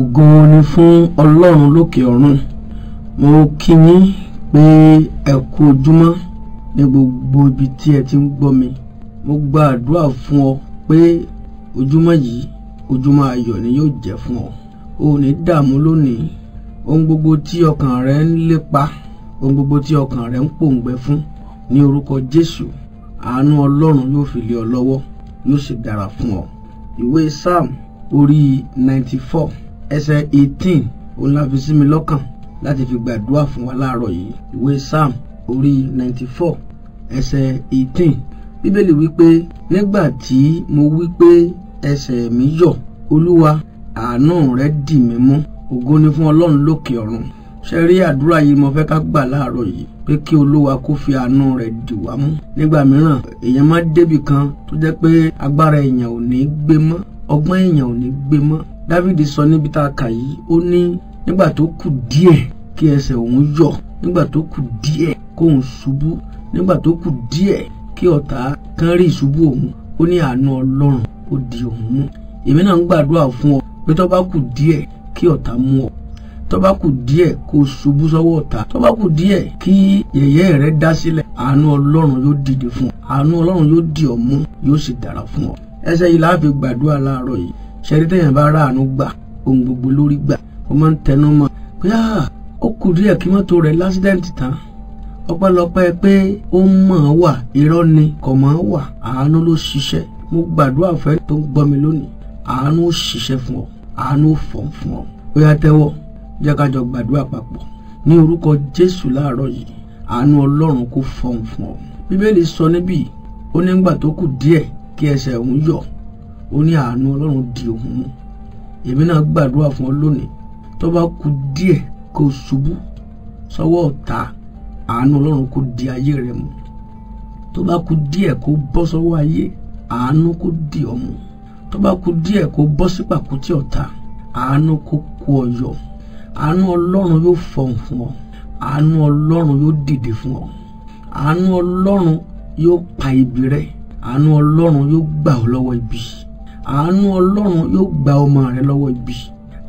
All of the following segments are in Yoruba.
ògo ni fún ọlọ́run lókè ọ̀run mo kí yín pé ẹ kú ojúmọ́ ní gbogbo ibi tí ẹ ti ń gbọ́ mi mo gba àdúrà fún ọ pé ojúmọ́ yìí ojúmọ́ ayọ̀ ni yóò jẹ́ fún ọ o ní dààmú lónìí ohun gbogbo tí ọkàn rẹ ń lépa ohun gbogbo tí ọkàn rẹ ń pòǹgbẹ fún ní orúkọ Jésù àánú ọlọ́run yóò fi lé ọ lọ́wọ́ yóò sì dára fún ọ. ìwé psalm orí ninety four ẹsẹ̀ eighteen òun la fi sí mi lọ́kàn láti fi gbàdúrà fún wa láàárọ̀ yìí ìwé psalm orí ninety four ẹsẹ̀ eighteen bíbélì wípé nígbà tí mo wípé ẹsẹ̀ mi yọ̀ olúwa àánú rẹ̀ dì mí mú ògo ni fún ọlọ́run lókè ọ̀run ṣe rí àdúrà yìí mo fẹ́ ká gbà láàárọ̀ yìí pé kí olúwa kó fi àánú rẹ̀ dì wá mú nígbà mìíràn èèyàn máa débì kan tó jẹ́ pé agbára èèyàn ò ní gbé mọ́ ọgbọ́n èèyàn ò ní gbé mọ́ Dáfídì sọ níbi tá a kà yìí ó ní nígbà tó kù díẹ̀ kí ẹsẹ̀ òun yọ̀ nígbà tó kù díẹ̀ kóun ṣubú nígbà tó kù díẹ̀ kí ọ̀tá kan rí ìṣubú òun ó ní àánú ọlọ́run ó di òun mú èmi náà ń gbàdúrà fún ọ pé tó bá kù díẹ̀ kí ọ̀tá mú ọ tó bá kù díẹ̀ kó ṣubú sọ́wọ́ ọ̀tá tó bá kù díẹ̀ kí yẹ̀yẹ́ rẹ dá sílẹ̀ àánú ọlọ́run yóò dìde fún ọ àánú ọlọ́run yóò dì ọ́ mú yóò sì dára fún ọ ẹsẹ̀ yìí láàfin gbàdúrà láàárọ̀ yìí ṣẹ́rí tẹ̀yàn bá rà àánú gbà ohun gbogbo lórí gbà ó máa ń tẹnu mọ́ pé ó kù díẹ̀ kí mọ́tò rẹ̀ lásídẹ̀ǹtì tán ọpẹ́lọpẹ́ pé ó mọ̀ ọ́ wà irọ́ ni kò mọ̀ ọ́ wà àánú ló ṣiṣẹ́ mo gbàdúrà fẹ́ tó ń gbọ́ mi lónìí àánú ó ṣiṣẹ́ fún ọ àánú ó fọ̀ fún ọ ó tẹ́wọ́ jẹ́ ká jọ gbàdúrà papọ̀ ní orúkọ jésù láàárọ̀ yìí àánú ọlọ́run kó fọhùn fún ọ bíbélì sọ níbí ó ní ńgbà tó kù díẹ̀ kí ẹsẹ̀ òun yọ ó ní àánú ọlọ́run di òun mú èmi náà gbàdúrà fún ọ lónìí tó bá kù díẹ̀ kó ṣubú sọ́wọ́ ọ̀tá àánú ọlọ́run kó di ayé rẹ mú tó bá kù díẹ̀ kó bọ́ sọ́wọ́ ayé àánú kó di ọmọ tó bá kù díẹ̀ kó bọ́ sípàkútì ọ̀tá àánú kó kó ọ àánú ọlọ́run yóò fọhùn fún ọ àánú ọlọ́run yóò dìde fún ọ àánú ọlọ́run yóò pa ibi rẹ àánú ọlọ́run yóò gbà ọ lọ́wọ́ ibi àánú ọlọ́run yóò gba ọmọ rẹ lọ́wọ́ ibi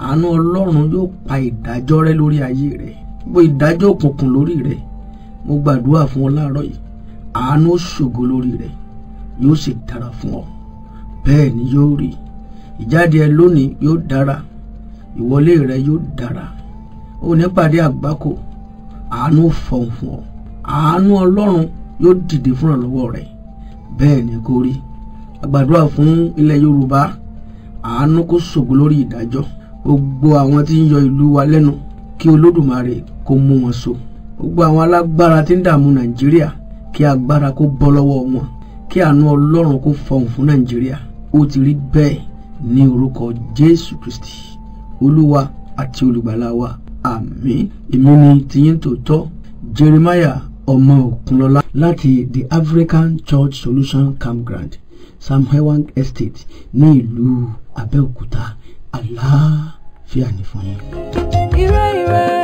àánú ọlọ́run yóò pa ìdájọ́ rẹ lórí ayé rẹ gbogbo ìdájọ́ òkùnkùn lórí rẹ mo gbàdúrà fún ọ láàárọ̀ yìí àánú ṣògo lórí rẹ yóò sì dára fún ọ bẹ́ẹ̀ ni yóò rí ìjáde ẹ lónìí yóò dára ìwọlé rẹ yóò dára ò ní pàdé àgbákò àánú fọ̀hún fún ọ àánú ọlọ́run yóò dìde fún ìrànlọ́wọ́ rẹ bẹ́ẹ̀ ni kò rí àgbàdúrà fún ilẹ̀ yorùbá àánú kó ṣògo lórí ìdájọ́ gbogbo àwọn tí ń yọ ìlú wa lẹ́nu kí olódùmarè kó mú wọn so gbogbo àwọn alágbára tí ń dààmú nàìjíríà kí agbára kó bọ́ lọ́wọ́ wọn kí àánú ọlọ́run kó fọhùn fún nàìjíríà ó ti rí bẹ́ẹ̀ ní orúkọ jésù kristi olúwa àti olùgbàlà wa àmín èmi ni tiyín tòótọ́ Jeremiah ọmọ Òkunlọ́lá láti the African Church Solution Campground Samhewang Estate ní ìlú Abẹ́òkúta àlàáfíà ní fún yín. ire ire.